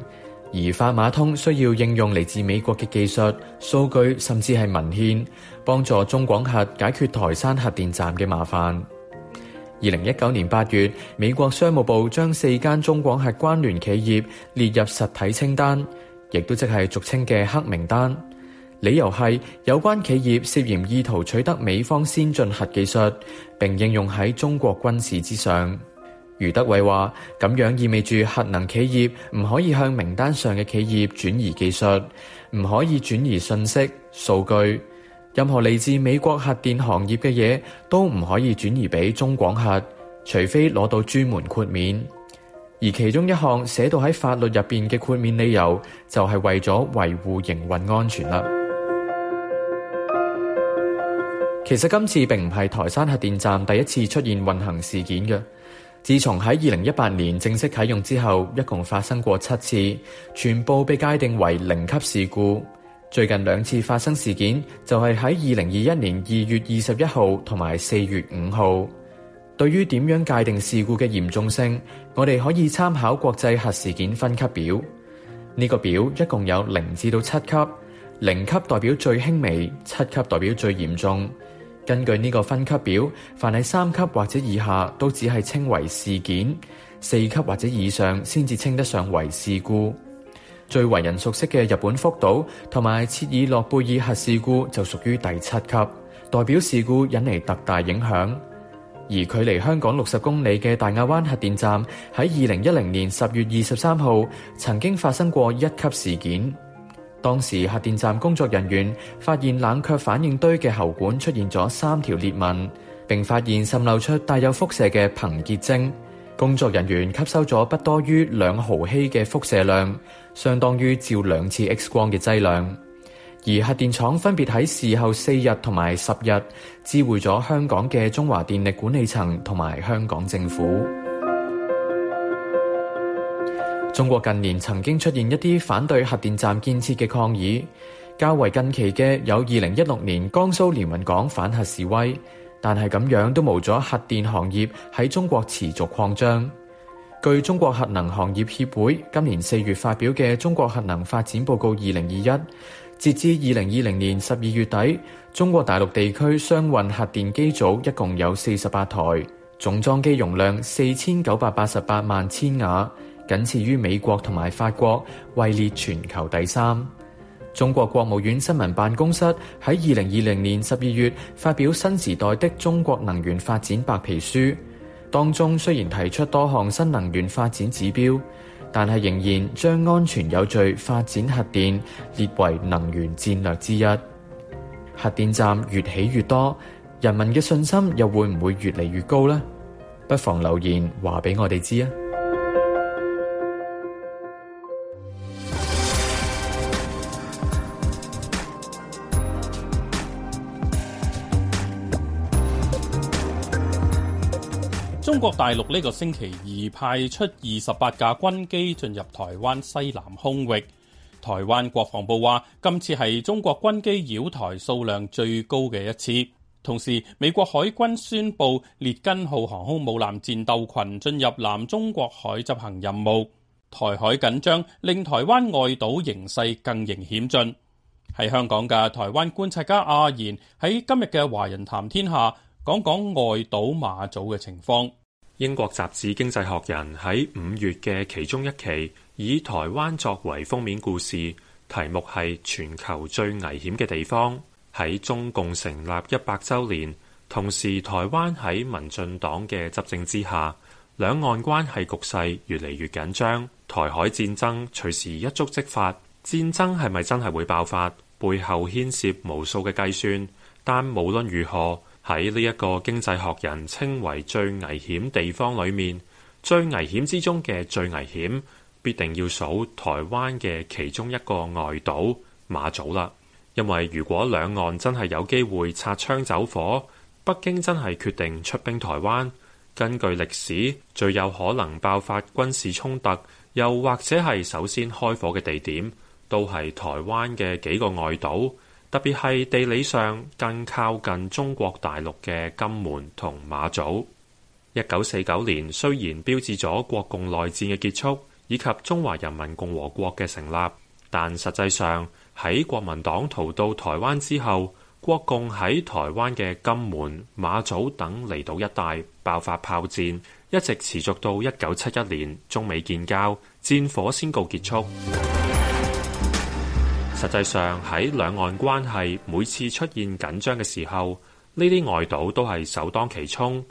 而法馬通需要應用嚟自美國嘅技術數據，甚至係文獻幫助中廣核解決台山核電站嘅麻煩。二零一九年八月，美國商務部將四間中廣核關聯企業列入實體清單，亦都即係俗稱嘅黑名單。理由係有關企業涉嫌意圖取得美方先進核技術，並應用喺中國軍事之上。余德偉話：咁樣意味住核能企業唔可以向名單上嘅企業轉移技術，唔可以轉移信息、數據，任何嚟自美國核電行業嘅嘢都唔可以轉移俾中廣核，除非攞到專門豁免。而其中一項寫到喺法律入邊嘅豁免理由，就係為咗維護營運安全啦。其實今次並唔係台山核電站第一次出現運行事件嘅，自從喺二零一八年正式啟用之後，一共發生過七次，全部被界定為零級事故。最近兩次發生事件就係喺二零二一年二月二十一號同埋四月五號。對於點樣界定事故嘅嚴重性，我哋可以參考國際核事件分級表。呢個表一共有零至到七級，零級代表最輕微，七級代表最嚴重。根據呢個分級表，凡係三級或者以下都只係稱為事件，四級或者以上先至稱得上為事故。最為人熟悉嘅日本福島同埋切爾諾貝爾核事故就屬於第七級，代表事故引嚟特大影響。而距離香港六十公里嘅大亞灣核電站喺二零一零年十月二十三號曾經發生過一級事件。當時核電站工作人員發現冷卻反應堆嘅喉管出現咗三條裂紋，並發現滲漏出帶有輻射嘅鈾結晶。工作人員吸收咗不多於兩毫希嘅輻射量，相當於照兩次 X 光嘅劑量。而核電廠分別喺事後四日同埋十日知會咗香港嘅中華電力管理層同埋香港政府。中國近年曾經出現一啲反對核電站建設嘅抗議，較為近期嘅有二零一六年江蘇連雲港反核示威，但係咁樣都冇咗核電行業喺中國持續擴張。據中國核能行業協會今年四月發表嘅《中國核能發展報告二零二一》，截至二零二零年十二月底，中國大陸地區商運核電機組一共有四十八台，總裝機容量四千九百八十八萬千瓦。僅次於美國同埋法國，位列全球第三。中國國務院新聞辦公室喺二零二零年十二月發表新時代的中國能源發展白皮書，當中雖然提出多項新能源發展指標，但係仍然將安全有序發展核電列為能源戰略之一。核電站越起越多，人民嘅信心又會唔會越嚟越高呢？不妨留言話俾我哋知啊！中國大陸呢個星期二派出二十八架軍機進入台灣西南空域，台灣國防部話今次係中國軍機繞台數量最高嘅一次。同時，美國海軍宣布列根號航空母艦戰鬥群進入南中國海執行任務。台海緊張令台灣外島形勢更形險峻。喺香港嘅台灣觀察家阿賢喺今日嘅《華人談天下》講講外島馬祖嘅情況。英國雜誌《經濟學人》喺五月嘅其中一期，以台灣作為封面故事，題目係全球最危險嘅地方。喺中共成立一百周年，同時台灣喺民進黨嘅執政之下，兩岸關係局勢越嚟越緊張，台海戰爭隨時一觸即發。戰爭係咪真係會爆發？背後牽涉無數嘅計算，但無論如何。喺呢一個經濟學人稱為最危險地方裏面，最危險之中嘅最危險，必定要數台灣嘅其中一個外島馬祖啦。因為如果兩岸真係有機會擦槍走火，北京真係決定出兵台灣，根據歷史，最有可能爆發軍事衝突，又或者係首先開火嘅地點，都係台灣嘅幾個外島。特別係地理上更靠近中國大陸嘅金門同馬祖。一九四九年雖然標誌咗國共內戰嘅結束以及中華人民共和國嘅成立，但實際上喺國民黨逃到台灣之後，國共喺台灣嘅金門、馬祖等離島一帶爆發炮戰，一直持續到一九七一年中美建交，戰火先告結束。實際上，喺兩岸關係每次出現緊張嘅時候，呢啲外島都係首當其衝。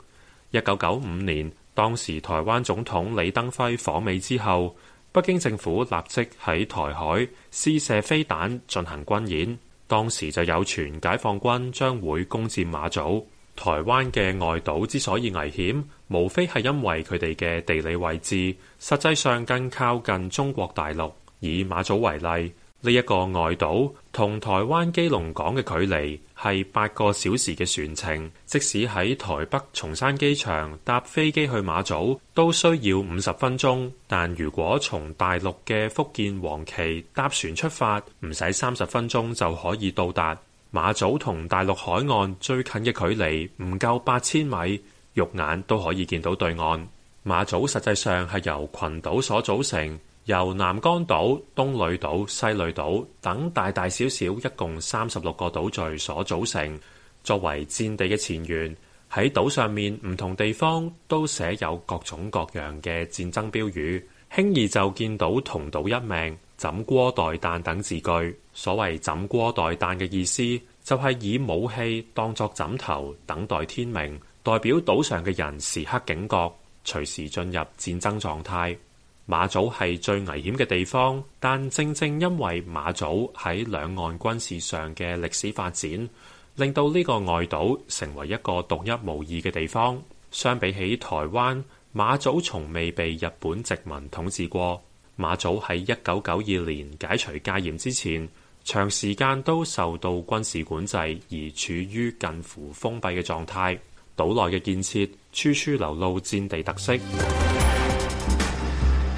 一九九五年，當時台灣總統李登輝訪美之後，北京政府立即喺台海試射飛彈進行軍演。當時就有傳解放軍將會攻佔馬祖。台灣嘅外島之所以危險，無非係因為佢哋嘅地理位置實際上更靠近中國大陸。以馬祖為例。呢一個外島同台灣基隆港嘅距離係八個小時嘅船程，即使喺台北松山機場搭飛機去馬祖都需要五十分鐘，但如果從大陸嘅福建黃岐搭船出發，唔使三十分鐘就可以到達。馬祖同大陸海岸最近嘅距離唔夠八千米，肉眼都可以見到對岸。馬祖實際上係由群島所組成。由南江島、東呂島、西呂島等大大小小一共三十六個島嶼所組成，作為戰地嘅前緣。喺島上面唔同地方都寫有各種各樣嘅戰爭標語，輕易就見到“同島一命，枕戈待旦”等字句。所謂“枕戈待旦”嘅意思，就係以武器當作枕頭，等待天明，代表島上嘅人時刻警覺，隨時進入戰爭狀態。馬祖係最危險嘅地方，但正正因為馬祖喺兩岸軍事上嘅歷史發展，令到呢個外島成為一個獨一無二嘅地方。相比起台灣，馬祖從未被日本殖民統治過。馬祖喺一九九二年解除戒嚴之前，長時間都受到軍事管制而處於近乎封閉嘅狀態。島內嘅建設，處處流露戰地特色。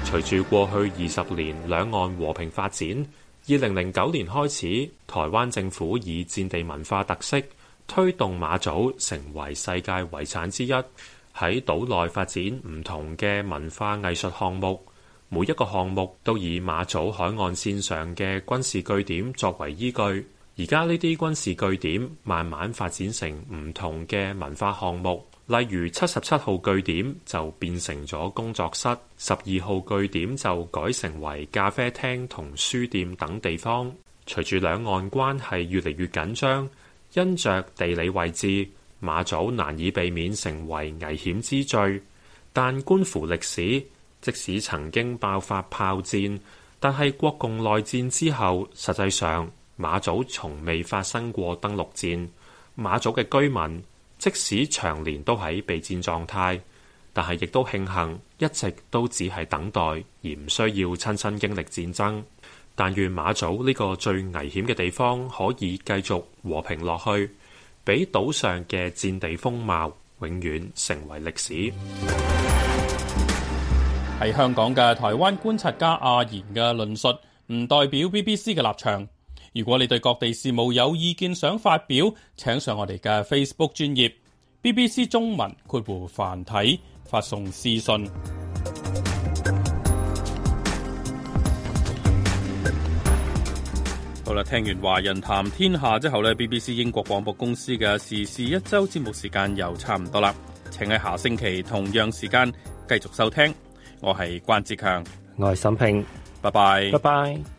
隨住過去二十年兩岸和平發展，二零零九年開始，台灣政府以戰地文化特色推動馬祖成為世界遺產之一，喺島內發展唔同嘅文化藝術項目。每一個項目都以馬祖海岸線上嘅軍事據點作為依據。而家呢啲軍事據點慢慢發展成唔同嘅文化項目，例如七十七號據點就變成咗工作室，十二號據點就改成為咖啡廳同書店等地方。隨住兩岸關係越嚟越緊張，因着地理位置，馬祖難以避免成為危險之最。但觀乎歷史，即使曾經爆發炮戰，但係國共內戰之後，實際上，馬祖從未發生過登陸戰，馬祖嘅居民即使長年都喺備戰狀態，但係亦都慶幸一直都只係等待，而唔需要親身經歷戰爭。但願馬祖呢個最危險嘅地方可以繼續和平落去，俾島上嘅戰地風貌永遠成為歷史。係香港嘅台灣觀察家阿賢嘅論述，唔代表 BBC 嘅立場。如果你對各地事務有意見想發表，請上我哋嘅 Facebook 專頁 BBC 中文括弧繁體發送私信。好啦，聽完華人談天下之後呢，BBC 英國廣播公司嘅時事一周節目時間又差唔多啦，請喺下星期同樣時間繼續收聽。我係關志強，我係沈平，拜拜，拜拜。